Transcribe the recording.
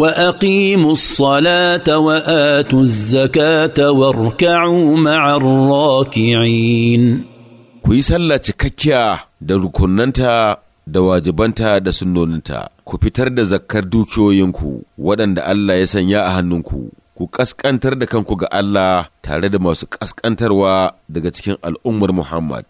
واقيموا الصلاه واتوا الزكاه واركعوا مع الراكعين ku yi sallah cikakkiya da rukunanta da wajibanta da sunnoninta ku fitar da zakkar dukiyoyinku waɗanda Allah ya sanya a hannunku ku ƙasƙantar da kanku ga Allah tare da masu ƙasƙantarwa daga cikin al'ummar Muhammad